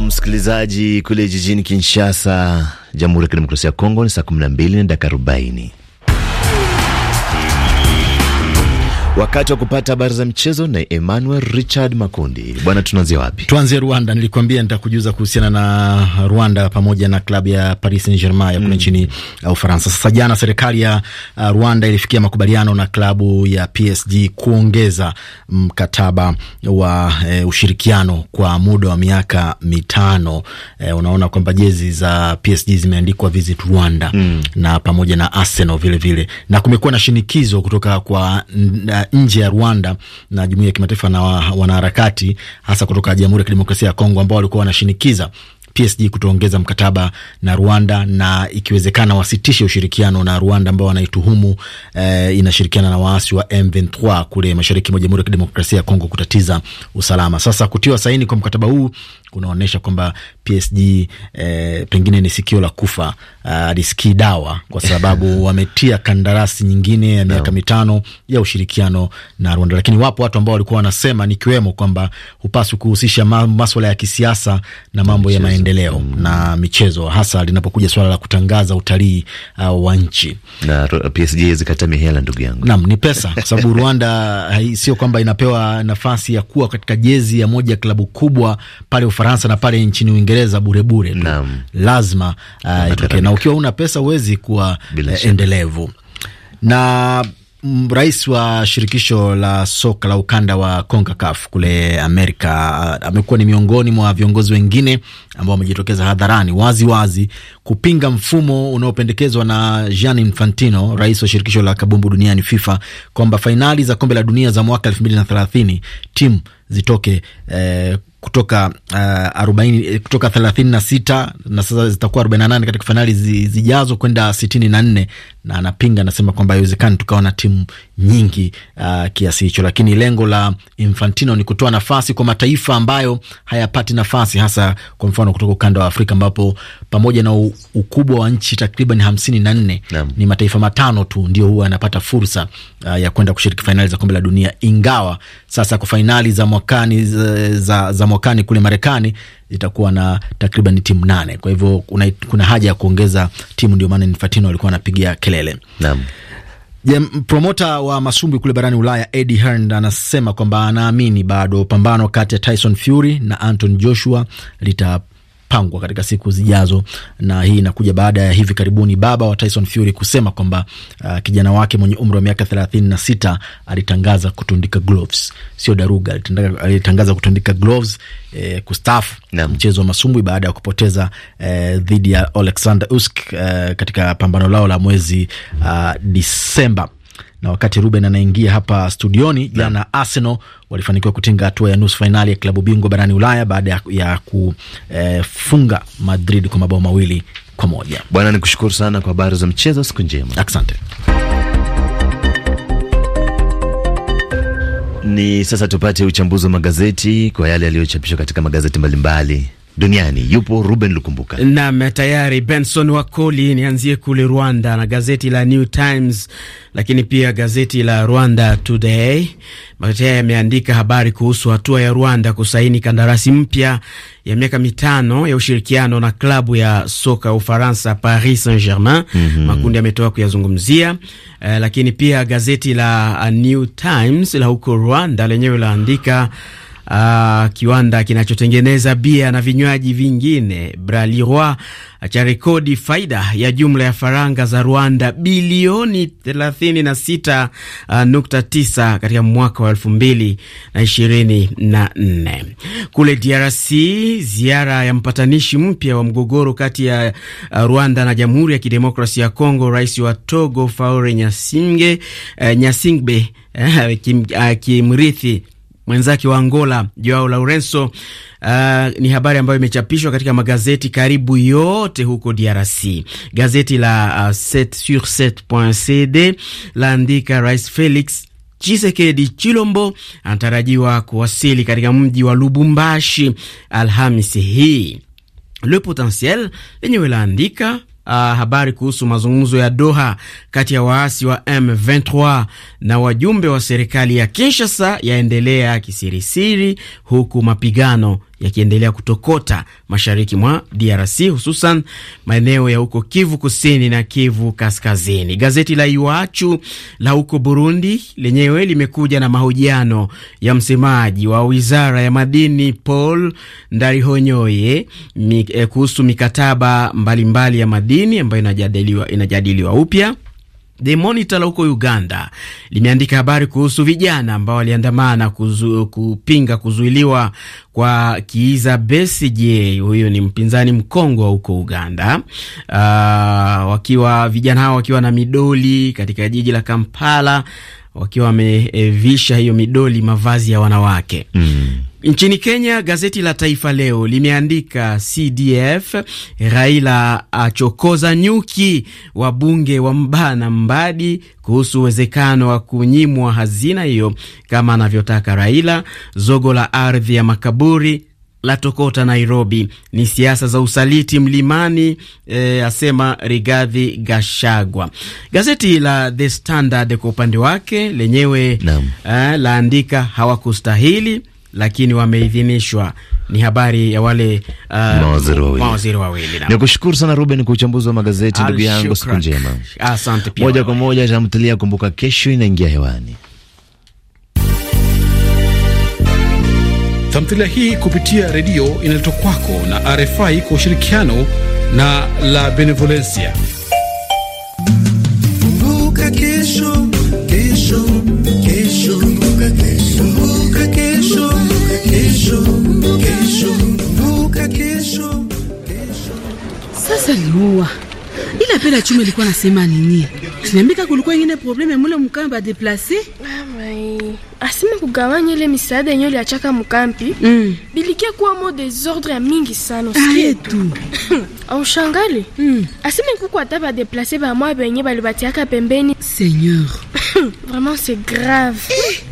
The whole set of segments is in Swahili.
msikilizaji kule jijini Kinshasa, Jamhuri ya Kidemokrasia ya Kongo, ni saa 12 na dakika 40. Wakati wa kupata habari za mchezo na Emmanuel Richard Makundi. Bwana, tunaanzia wapi? Tuanzie Rwanda. Nilikuambia nitakujuza kuhusiana na Rwanda pamoja na klabu ya Paris Saint Germain ya kule mm, nchini uh, Ufaransa. Sasa jana serikali ya uh, Rwanda ilifikia makubaliano na klabu ya PSG kuongeza mkataba wa e, ushirikiano kwa muda wa miaka mitano. E, unaona kwamba jezi za PSG zimeandikwa visit Rwanda mm. na pamoja na Arsenal vilevile vile. Na kumekuwa na shinikizo kutoka kwa nje ya Rwanda na jumuiya ya kimataifa na wanaharakati hasa kutoka Jamhuri ya Kidemokrasia ya Kongo ambao walikuwa wanashinikiza PSG kutoongeza mkataba na Rwanda na ikiwezekana wasitishe ushirikiano na Rwanda ambao wanaituhumu e, inashirikiana na waasi wa M23 kule mashariki mwa Jamhuri ya Kidemokrasia ya Kongo kutatiza usalama. Sasa kutiwa saini kwa mkataba huu unaonyesha kwamba PSG eh, pengine ni sikio la kufa alisikii ah, uh, dawa kwa sababu wametia kandarasi nyingine ya miaka no. mitano ya ushirikiano na Rwanda, lakini wapo watu ambao walikuwa wanasema nikiwemo kwamba hupaswi kuhusisha ma maswala ya kisiasa na mambo michezo ya maendeleo mm. na michezo hasa linapokuja swala la kutangaza utalii uh, wa nchi. Na PSG zikata mihela, ndugu yangu, naam, ni pesa kwa sababu Rwanda sio kwamba inapewa nafasi ya kuwa katika jezi ya moja ya klabu kubwa pale Ufaransa na pale nchini Uingereza burebure tu, lazima uh, itokee, na ukiwa una pesa huwezi kuwa uh, endelevu na mm, Rais wa shirikisho la soka la ukanda wa CONCACAF kule Amerika uh, amekuwa ni miongoni mwa viongozi wengine ambao wamejitokeza hadharani wazi wazi kupinga mfumo unaopendekezwa na Gianni Infantino, rais wa shirikisho la kabumbu duniani FIFA, kwamba fainali za kombe la dunia za mwaka elfu mbili na thelathini timu zitoke eh, kutoka uh, arobaini kutoka thelathini na sita na sasa zitakuwa arobaini na nane katika fainali zijazo kwenda sitini na nne na anapinga, anasema kwamba haiwezekani tukawa na timu nyingi uh, kiasi hicho, lakini lengo la Infantino ni kutoa nafasi kwa mataifa ambayo hayapati nafasi, hasa kwa mfano kutoka ukanda wa Afrika ambapo pamoja na ukubwa wa nchi takriban hamsini na nne ni mataifa matano tu ndio huwa yanapata fursa uh, ya kwenda kushiriki fainali za kombe la dunia, ingawa sasa kwa fainali za mwakani, za, za, za mwakani kule Marekani itakuwa na takriban timu nane. Kwa hivyo kuna, kuna haja ya kuongeza timu, ndio maana Infantino alikuwa anapigia kelele Naam. Promota wa masumbwi kule barani Ulaya Eddie Hearn anasema kwamba anaamini bado pambano kati ya Tyson Fury na Anton Joshua lita pangwa katika siku zijazo, na hii inakuja baada ya hivi karibuni baba wa Tyson Fury kusema kwamba uh, kijana wake mwenye umri wa miaka thelathini na sita alitangaza kutundika gloves, sio daruga, alitangaza kutundika gloves eh, na mchezo wa masumbwi baada ya kupoteza eh, dhidi ya Alexander Usyk eh, katika pambano lao la mwezi uh, Disemba na wakati Ruben anaingia hapa studioni jana yeah. Arsenal walifanikiwa kutinga hatua ya nusu fainali ya klabu bingwa barani Ulaya baada ya, kufunga eh, Madrid kwa mabao mawili kwa moja. Bwana ni kushukuru sana kwa habari za mchezo. Siku njema, asante. Ni sasa tupate uchambuzi wa magazeti kwa yale yaliyochapishwa katika magazeti mbalimbali duniani yupo Ruben Lukumbuka. Naam, tayari Benson Wakoli. Nianzie kule Rwanda na gazeti la New Times, lakini pia gazeti la Rwanda Today. Magazeti yameandika habari kuhusu hatua ya Rwanda kusaini kandarasi mpya ya miaka mitano ya ushirikiano na klabu ya soka ya Ufaransa Paris Saint-Germain. mm -hmm. Makundi ametoka kuyazungumzia eh, lakini pia gazeti la uh, New Times la huko Rwanda lenyewe laandika uh, kiwanda kinachotengeneza bia na vinywaji vingine Braliroi cha rekodi faida ya jumla ya faranga za Rwanda bilioni 36.9 uh, ah, katika mwaka wa 2024. Kule DRC, ziara ya mpatanishi mpya wa mgogoro kati ya ah, Rwanda na Jamhuri ya Kidemokrasia ya Kongo, rais wa Togo Faure Nyasinge, uh, Nyasingbe eh, akimrithi uh, mwenzake wa Angola Joao Lourenco. Uh, ni habari ambayo imechapishwa katika magazeti karibu yote huko DRC. Gazeti la uh, ah, 7 sur laandika Rais Felix Chisekedi Chilombo anatarajiwa kuwasili katika mji wa Lubumbashi Alhamisi hii. Le Potentiel lenyewe laandika Uh, habari kuhusu mazungumzo ya Doha kati ya waasi wa M23 na wajumbe wa serikali ya Kinshasa yaendelea kisirisiri, huku mapigano yakiendelea kutokota mashariki mwa DRC, hususan maeneo ya huko Kivu Kusini na Kivu Kaskazini. Gazeti la Iwachu la huko Burundi lenyewe limekuja na mahojiano ya msemaji wa wizara ya madini Paul Ndarihonyoye eh, kuhusu mikataba mbalimbali mbali ya madini ambayo inajadiliwa, inajadiliwa upya The Monitor la huko Uganda limeandika habari kuhusu vijana ambao waliandamana kuzu, kupinga kuzuiliwa kwa Kiiza Besigye, huyu ni mpinzani mkongwe wa huko Uganda. Uh, wakiwa vijana hao wakiwa na midoli katika jiji la Kampala wakiwa wamevisha hiyo midoli mavazi ya wanawake mm. Nchini Kenya, gazeti la Taifa Leo limeandika CDF Raila achokoza nyuki, wabunge wa mbana Mbadi kuhusu uwezekano wa kunyimwa hazina hiyo kama anavyotaka Raila. Zogo la ardhi ya makaburi la tokota Nairobi ni siasa za usaliti mlimani, e, asema Rigathi Gashagwa. Gazeti la The Standard kwa upande wake lenyewe eh, laandika hawakustahili lakini wameidhinishwa. Ni habari ya wale uh, mawaziri wawili. Ni kushukuru sana Ruben kwa uchambuzi wa magazeti, ndugu yangu, siku njema. Asante pia moja kwa moja tamthilia Kumbuka Kesho inaingia hewani. Tamthilia hii kupitia redio inaletwa kwako na RFI kwa ushirikiano na La Benevolencia. Kumbuka Kesho. Saliua. ile pela chuma ilikuwa nasema nini? Siniambika kulikuwa ingine probleme mule mkambi adeplase. Mama, asima kugawanya ile misaada yenyewe liachaka mkambi. Mm. Bilikia kuwa mo desordre ya mingi sana. Aye tu. Au shangale? Mm. Asima kuku ataba adeplase ba mwa benye balibatiaka pembeni. Seigneur. Vraiment c'est grave.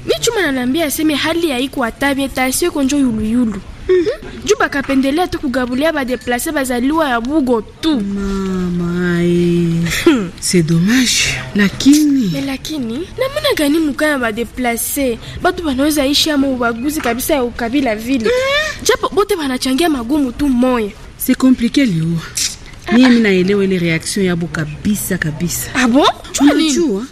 Ni eh. chuma nanambia aseme hali haiko atabia ta asiye konjo yuluyulu mm -hmm. juu bakapendelea tu kugabulia badeplase bazaliwa ya bugo tu. Mama, eh. hmm. c'est dommage lakini Me lakini namuna gani mukana badeplase batu banaweza ishi ama ubaguzi kabisa ya ukabila vile mm japo bote banachangia magumu tu moya. C'est compliqué leo ah, ah. mimi minaelewa ile reaction yabo kabisa kabisa. Ah bon? Unajua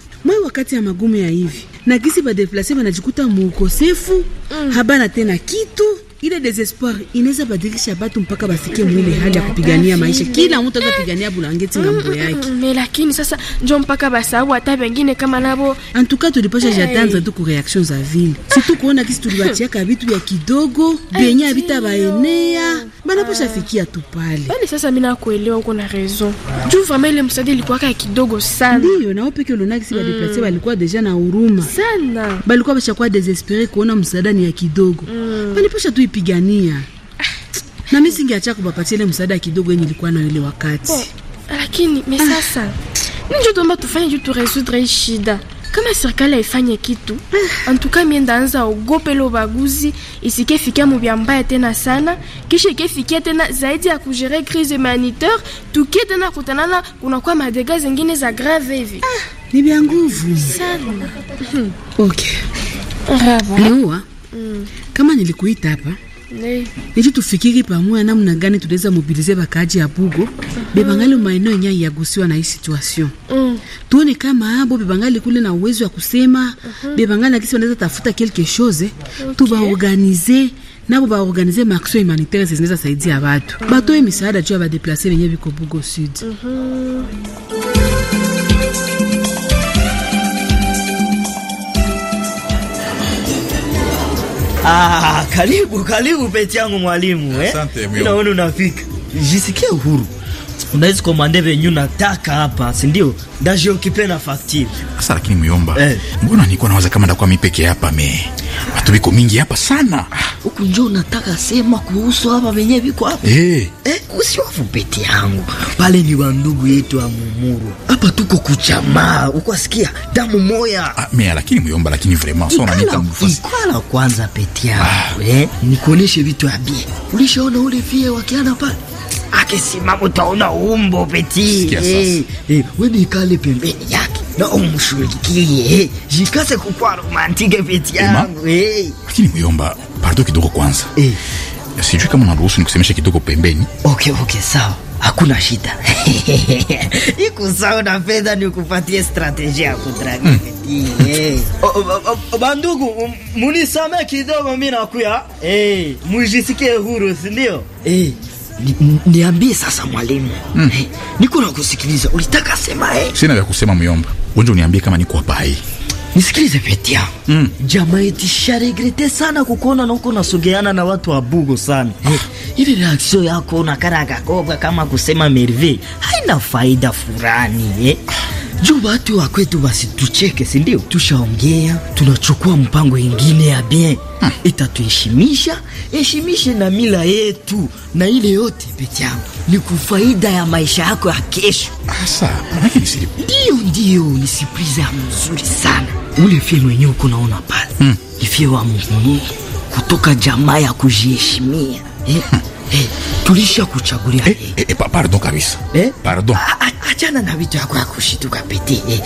wakati ya magumu ya hivi na gisi badeplase banajikuta mukosefu mm. habana tena kitu ile desespoir inaweza badilisha batu mpaka basikie mwile hali ya kupigania maisha. Kila mtu atapigania bulangeti na mambo yake, mm, mm, mm, lakini sasa njo mpaka basahau hata wengine kama nabo. Antuka tulipasha eh. jatanza tu ku reaction za vile, si tu kuona kisi tulibachiaka vitu vya kidogo benye avitabaenea eh, banapasha fikia tu pale. Bali sasa mimi nakuelewa, uko na raison juu vraiment ile msadi ilikuwa kama kidogo sana, ndio nao peke ulona kisi badeplace balikuwa deja na huruma sana, balikuwa bashakuwa desespere kuona msaada ni ya kidogo, banapasha tu kunipigania na mi singeacha kubapatia ile msaada kidogo yenye ilikuwa nayo ile wakati bon, lakini me ah. sasa ah, ndio tuomba tufanye juu turesudre hii shida. Kama serikali haifanye kitu ah, antuka mie ndaanza ogope lo baguzi isikefikia mubya mbaya tena sana, kisha ikefikia tena zaidi ya kujere crise humanitaire, tukie tena kutanana kunakuwa madega zingine za grave hivi ah, ni vya nguvu sana okay. Rava. Kama nilikuita hapa nee, niji tufikiri pamoja namna gani tunaweza mobilize bakaji ya Bugo bebangali maeneo yenye yagusiwa na hii situation mm. tuone kama abo bebangali kule na uwezo wa kusema uh mhm. -huh. bebangali akisi wanaweza tafuta quelque chose okay. tubaorganize nabo baorganize maaction humanitaire zinaweza saidia watu mm. batoe misaada juu ya badeplase benye biko Bugo Sud mm -hmm. Ah, karibu karibu peti yangu mwalimu eh. Asante mimi. Naona unafika. Jisikie uhuru. Unaweza komande venyu nataka hapa, si ndio? Ndaje ukipenda facture. Sasa lakini myomba. Eh. Mbona niko naweza kama ndakuwa mimi peke hapa mimi? watu biko mingi hapa sana. Huku njo nataka sema kuhusu hapa venye viko hapa eh, eh usiwafu pete yangu pale, ni wandugu yetu wa Mumuru hapa, tuko kuchamaa, ukwasikia damu moya. Ah, mimi lakini muyomba, lakini vraiment sio unaniita mfasi kwa kwanza pete ah. yangu ah. Eh, nikuoneshe vitu abie, ulishaona ule vie wakiana pale akisimama, utaona umbo peti eh, eh, wewe nikale pembeni yake na umshughulikie, jikase kukwa romantike peti yangu hey. Lakini Muyomba, pardo kidogo kwanza eh. Sijui kama unaruhusu nikusemeshe kidogo pembeni. Okay, okay, sawa. Hakuna shida. iku sawa na fedha nikupatie strategia ya kudraga. Eh. Bandugu, um, munisame kidogo mimi nakuya. hey. mujisikie huru, sindio ndio? Eh. Niambie sasa mwalimu. mm. Hey, Niko na kusikiliza, Ulitaka sema eh? Sina vya kusema myomba Wenje uniambie kama niko hapa hii Nisikilize Petia. Mm. Jama eti sharegrete sana kukona na uko nasogeana na watu wa bugo sana. Ah. Hey, eh, ile reaction yako unakaraga koga kama kusema merve haina faida furani eh. Ah juu watu wa kwetu wasitucheke, si ndio? Tushaongea, tunachukua mpango ingine ya bien hmm. Itatuheshimisha, heshimishe na mila yetu na ile yote peke ni kufaida ya maisha yako ya kesho. Asa, Ndio, ndio, ni surprise ya mzuri sana. Ule film wenyewe uko naona pale hmm. Ifie wa Mungu kutoka jamaa ya kujiheshimia hmm. eh? hmm. Hey, eh, tulisha kuchagulia hey, eh, eh, hey. pardon kabisa hey? Pardon, achana na vitu yako ya kushituka pete hey.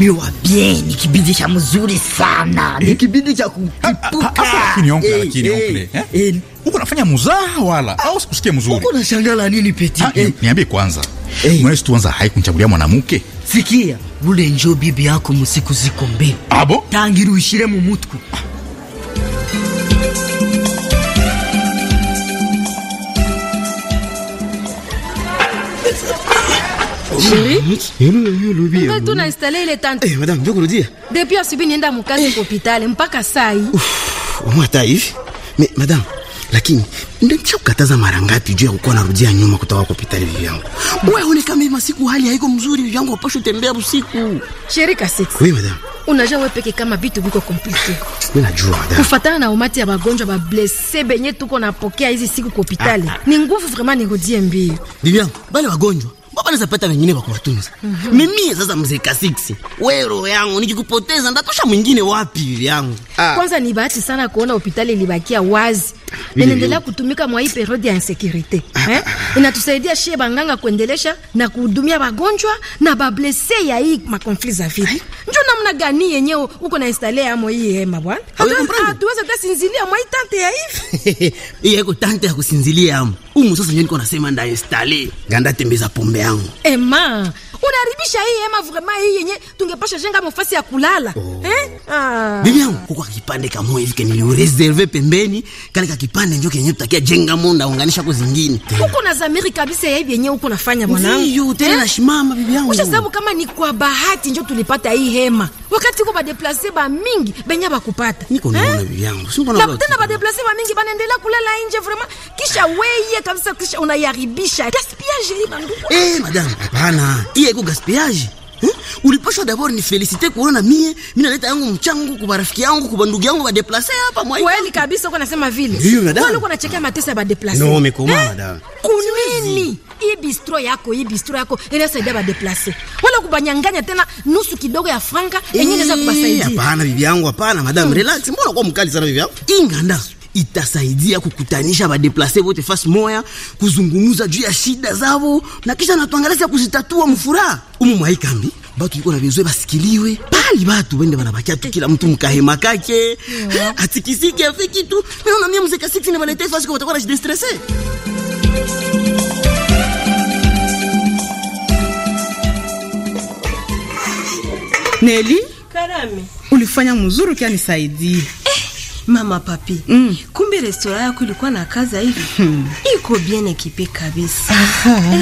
Ni wa bien, ni kibindi cha mzuri sana hey. Ni kibindi cha kutipuka lakini onkle, lakini onkle eh, uko nafanya muzaa wala ah, au sikusikie mzuri? Uko nashangala nini pete? Niambie kwanza hey. Mwanesi tuanza hai kumchagulia mwanamke sikia, ule njo bibi yako musiku ziko mbele abo tangiru ishire mumutku mutwe ah, Chérie, tunainstale ile tante. Eh, madame, ndio kurudia. Depuis asubuhi nienda mkazi kwa hospitali mpaka saa hii. Umu hata hivi. Me, madame, lakini nilichokataza mara ngapi juu ya kukuwa narudia nyuma kutoka kwa hospitali bibi yangu. Wewe une kama hivi masiku hali haiko mzuri bibi yangu apashi tembea usiku. Chérie Kaseti. Oui, madame. Unajua wewe peke kama vitu viko komplike. Mimi najua madame. Kufatana na umati ya bagonjwa ba blesse benye tuko napokea hizi siku kwa hospitali. Ah, ah. Ni nguvu vraiment nirudie mbio. Bibi yangu, bale wagonjwa Baba anaweza pata wengine wa kuwatunza. Mm -hmm. Mimi sasa mzee Kasiksi, wewe yangu nikikupoteza nitatosha mwingine wapi hivi Ah. Kwanza ni bahati sana kuona hopitali ilibakia wazi linaendelea kutumika mwa hii periodi ya insecurity eh? Inatusaidia shie banganga kuendelesha na kuhudumia wagonjwa na bablese ya hii makonfli za vita. Njo namna gani yenye uko na installe yamo hii hema bwana, ah, hatuwezi tasinzilia mwa hii tante ya hivi iye ko tante ya kusinzilia yamo umu. Sasa nyo niko nasema nda installe ganda tembeza pombe yangu ema, unaribisha hii hema vrema, hii yenye tungepasha jenga mofasi ya kulala oh. Eh? Ah. bibi yangu kuko kipande kama hivi kenilireserve pembeni, kale kipande njo kenye tutakia jenga monda unganisha ko zingine. Uko na zamiri kabisa ya hivi yenyewe uko nafanya mwanangu. Hiyo tena eh? na shimama bibi yangu. Kwa sababu kama ni kwa bahati njo tulipata hii hema. Wakati uko badeplace ba mingi benya bakupata. Niko naona eh? bibi yangu. Sio mbona tena badeplace ba mingi banaendelea kulala nje vraiment kisha weye kabisa kisha unayaribisha. Gaspillage libanduku. Eh, madam, hapana. Iye ko gaspillage huh? Ulipasha dabori ni felicite kuona mie mimi naleta yangu mchango kwa rafiki yangu kwa ndugu yangu ba deplacer hapa mwa. Kweli kabisa uko nasema vile. Ndio madam. Wewe uko unachekea mateso ya ba deplacer. No mekoma madam. Kunini? Hii bistro yako, hii bistro yako inasaidia ba deplacer. Wala kubanyanganya tena nusu kidogo ya franka yenyewe inaweza eh, kubasaidia. Hapana bibi yangu, hapana madam, hmm. relax. Mbona kwa mkali sana bibi yangu? Inganda itasaidia kukutanisha badeplase wote fasi moya, kuzungumuza juu ya shida zao, na kisha natuangalia kuzitatua mfuraha umu mwaikambi batu iko na vizoe basikiliwe pali batu bende banabakia tu kila mtu mkahema kake atikisike afe kitu naona mie mzeka 6 nebalete fasi kwa watakuwa najidestrese Neli Karami, ulifanya mzuri ukianisaidia Mama Papi, mm. kumbe restora yako ilikuwa na kaza hivi hmm. iko bien ekipe kabisa.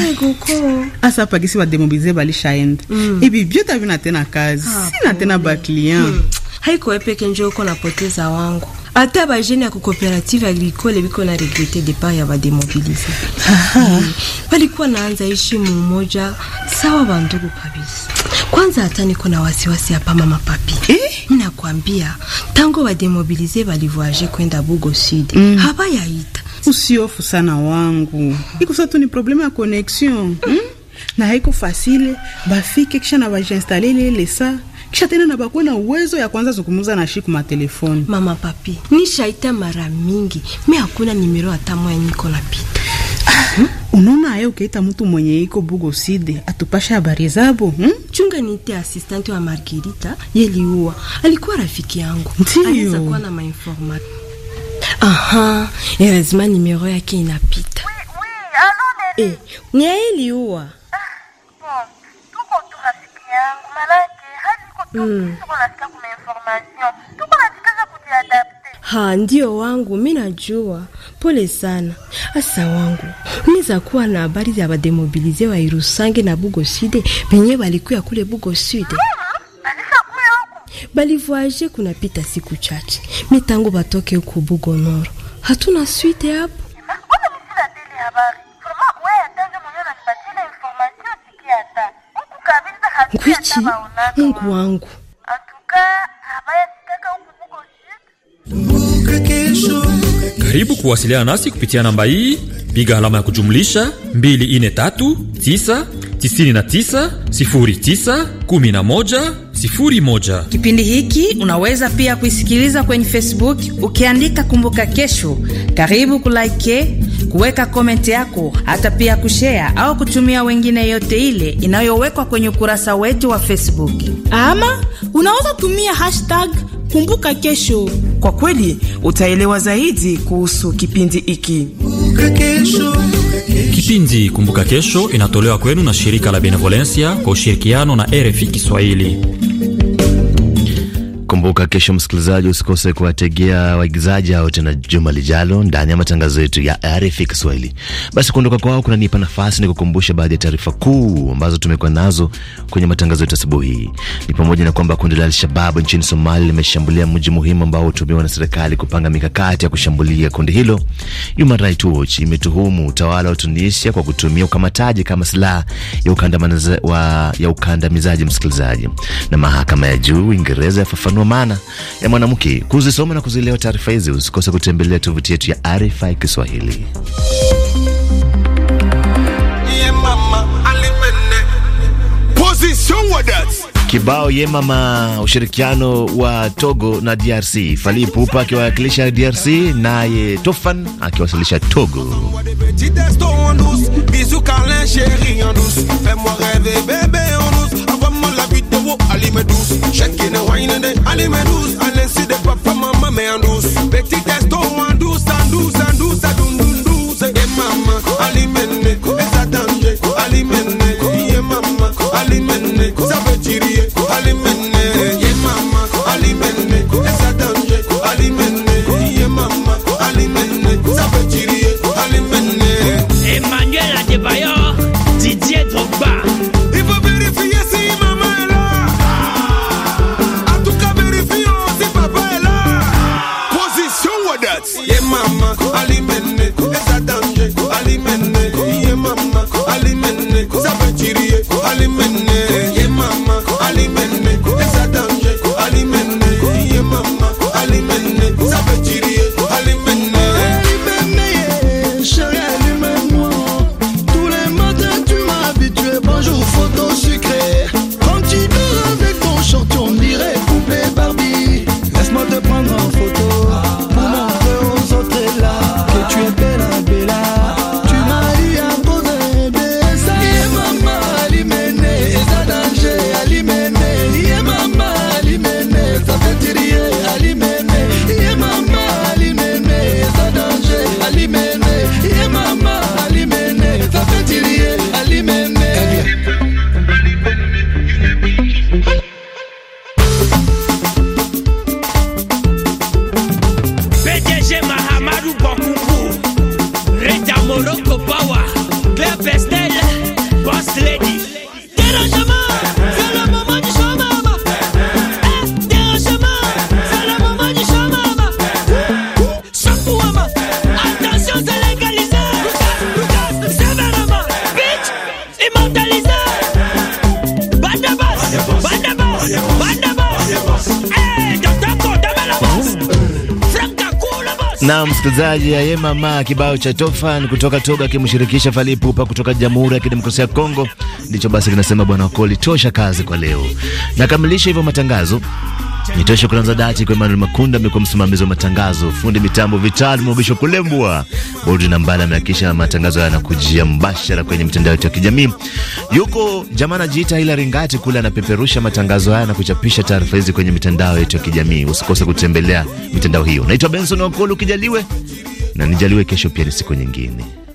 Egoko eh, asa pagisi wademobilize balishaenda mm. ibi vyote havina tena kazi ah, sina tena baklient mm. haiko epeke njo uko napoteza wangu ata bajene ya kukooperative agricole biko na regrete depart ya bademobilize balikuwa hmm. naanza ishi mumoja sawa bandugu kabisa. Kwanza hata niko na wasiwasi hapa mama Papi eh? Nakwambia tangu wademobilize walivoaje kwenda Bugo Sud mm. habayaita. Usiofu sana wangu, ikusa tu ni problema ya connexion mm. mm. na haiko fasile bafike kisha na bajiinstale lele sa kisha tena na bakuwe na uwezo ya kwanza zungumuza na shiku matelefoni. Mama papi, nishaita mara mingi, me hakuna nimero hata moya niko napita Unaona aye ukiita mtu mwenye iko bugo bugoside atupasha habari zabo hmm? Chunga niite asistante wa Margarita yeliua, alikuwa rafiki yangu, aliweza kuwa na mainformat. Aha, lazima nimero yake inapita. Oui, oui, eh, ni yeliua ah, Ha, ndio wangu, mi najua. Pole sana asa wangu, niza kuwa na habari za bademobilize wa Irusange na Bugo sude benye balikuya kule Bugo sude balivoaje, kunapita siku chache mi tangu batoke huku Bugo Noro, hatuna swite hapo. Ngwichi, Mungu wangu Karibu kuwasiliana nasi kupitia namba hii, piga alama ya kujumlisha 24399091101. Kipindi hiki unaweza pia kuisikiliza kwenye Facebook ukiandika Kumbuka Kesho. Karibu kulaike kuweka komenti yako, hata pia kushea au kutumia wengine, yote ile inayowekwa kwenye ukurasa wetu wa Facebook, ama unaweza tumia hashtag Kumbuka Kesho. Kwa kweli utaelewa zaidi kuhusu kipindi hiki. Kipindi Kumbuka Kesho inatolewa kwenu na shirika la Benevolencia kwa ushirikiano na RFI Kiswahili. Kumbuka kesho, msikilizaji, usikose kuwategea waigizaji hao tena juma lijalo ndani ya matangazo yetu ya RFI Kiswahili. Basi kuondoka kwao kunanipa nafasi ni kukumbusha baadhi ya taarifa kuu ambazo tumekuwa nazo kwenye matangazo yetu asubuhi hii. Ni pamoja na kwamba kundi la al nchini Somalia limeshambulia mji muhimu ambao hutumiwa na serikali kupanga mikakati ya kushambulia kundi hilo. Human Rights Watch imetuhumu utawala wa Tunisia kwa kutumia ukamataji kama silaha ya ukandamizaji, msikilizaji. Na mahakama ya juu Uingereza yafafanua maana ya mwanamke. Kuzisoma na kuzielewa taarifa hizi, usikose kutembelea tovuti yetu ya RFI Kiswahili. Kibao ye mama, ushirikiano wa Togo na DRC. Fally pupa akiwakilisha DRC, naye Tofan akiwasilisha Togo. with the whoop, Ali Medus. Shaking the wine in the Ali Medus. And then see the pop from Mama Mandus. Betty want do, Deuce do, Deuce do, Deuce. na msikilizaji mama kibao cha tofan kutoka Toga akimshirikisha Falipupa kutoka Jamhuri ya Kidemokrasia ya Kongo ndicho basi kinasema bwana Okoli tosha kazi kwa leo. Nakamilisha hivyo matangazo Nitoe shukrani za dhati kwa Emmanuel Makunda, amekuwa msimamizi wa matangazo, fundi mitambo vitalu Mobisho Kulembwa, bodi na mbali amehakikisha matangazo haya yanakujia mbashara kwenye mitandao yetu ya kijamii. Yuko jamaa anajiita Ila Ringati kule, anapeperusha matangazo haya na kuchapisha taarifa hizi kwenye mitandao yetu ya kijamii. Usikose kutembelea mitandao hiyo. Naitwa Benson Wakulu, kijaliwe na nijaliwe kesho pia ni siku nyingine.